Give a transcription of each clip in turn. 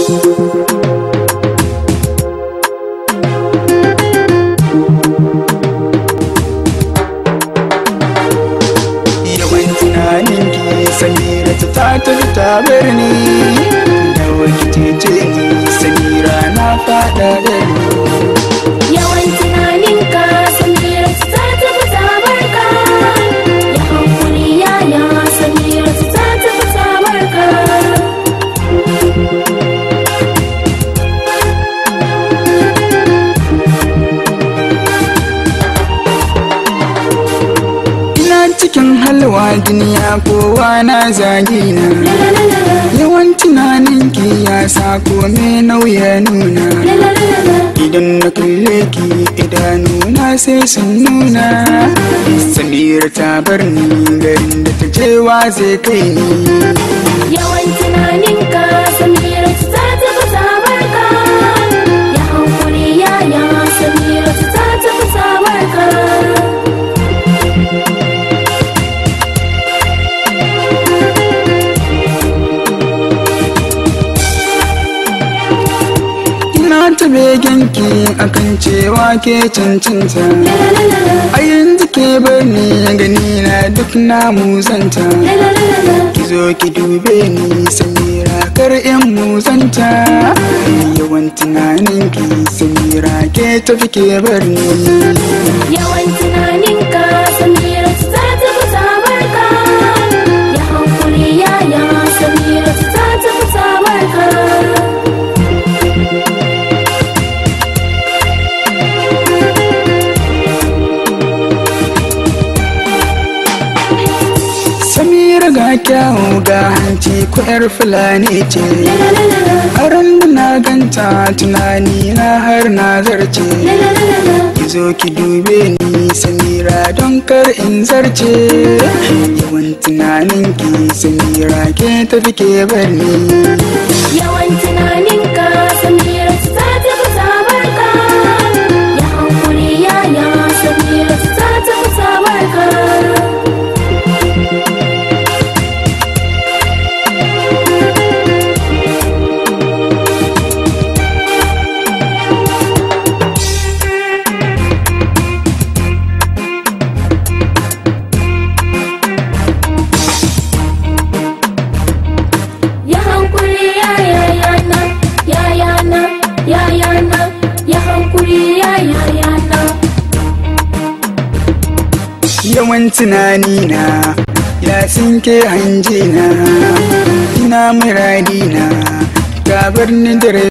Yawanci na yin ke sanira ta tattali ta berni, da wani ce ce ni sanira na fada gani. duniya kowa na zagi na yawan tunanin ki ya sa kome nauya nuna idan na kalle ki idanu nuna sai sun nuna samira ta bar ni garin da ta je wa zai kai ni yawan na ninka samira ta tafi ka ya hankuri yaya samira akan cewa ke cancanta a yanzu ke bar ni gani na duk namu zanta ki zo ki dube ni samira kar yan mu yawan tunanin ki samira ke tafi ke bar ni yawan tunanin ka kyawu ga hanci kwayar fulani ce harin da na ganta tunani na har na zarce zo ki dube ni samira don kar in zarce yawan tunanin ki samira ke tafi ke bar ni yawan tunanin ka samira tunani na ya sinke hanjina ina muradina na ga birnin dare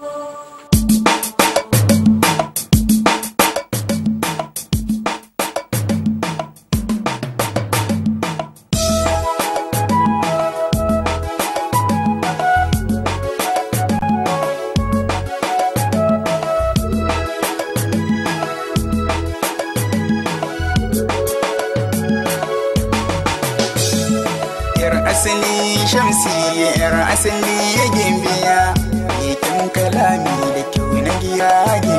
asali shamsi yar asali ya gimbiya ikin kalami da kyau na giya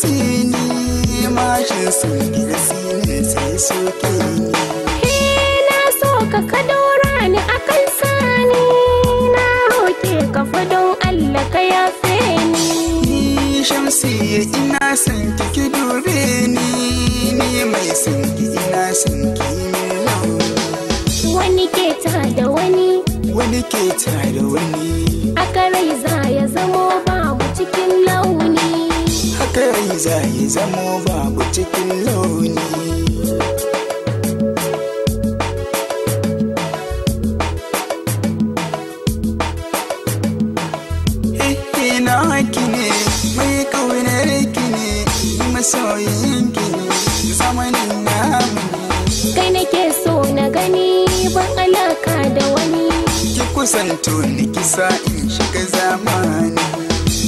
sini mashin su gida sini sai su ke ni na so ka ka dora ni akan sani na roke ka don Allah ka yafe ni ni shamsi ina san ki ki dore ni ni mai san ki ina san ki wani ke ta da wani wani ke ta da wani aka karai za za yi zamo babu cikin launi ina haki ne mai kaunar ki ne masoyin ki zamanin namu kai nake so na gani ban da wani ki kusanto ni kisa in shiga zamani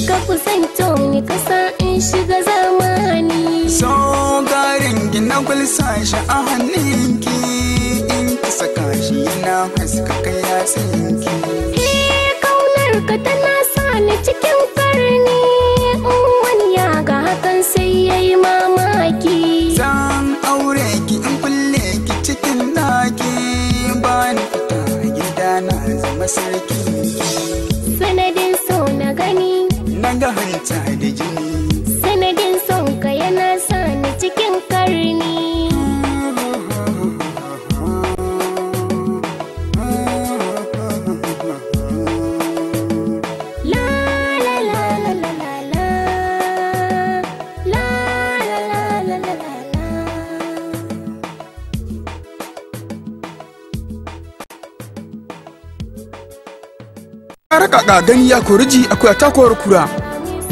ka kusanto ni kasa shiga zamani ki gina gulsa shi a hannunki in ki saka shi yana haska kai tsinki. eh kaunar ka tana sa ni cikin karni in ya ga hakan sai yayi mamaki zan aure ki in kulle ki cikin daki ba ni fita gida na zama sarki rakaka gani ya koriji akwai a takowar kura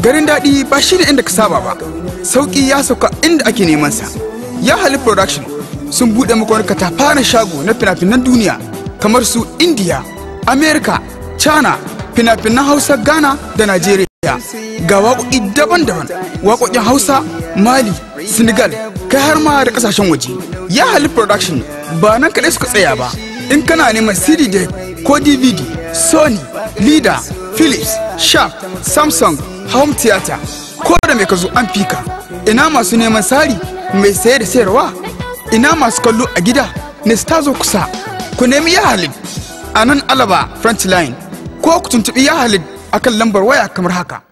garin daɗi ba shi ne inda ka saba ba sauki ya sauka inda ake neman sa ya hali production sun buɗe maka wani katafaren shago na finafinan duniya kamar su india america china fina-finan hausa ghana da nigeria ga waƙoƙi daban-daban waƙoƙin hausa mali senegal kai har ma da ƙasashen waje ya hali production ba nan kaɗai suka tsaya ba in kana neman cd ko dvd sony leader philips sharp samsung home theater ko da mai ka an fika ina masu neman sari mai saye da sayarwa ina masu kallo a gida ne ta kusa ku nemi ya halin a nan alaba french line ko ku tuntuɓi ya halin akan lambar waya kamar haka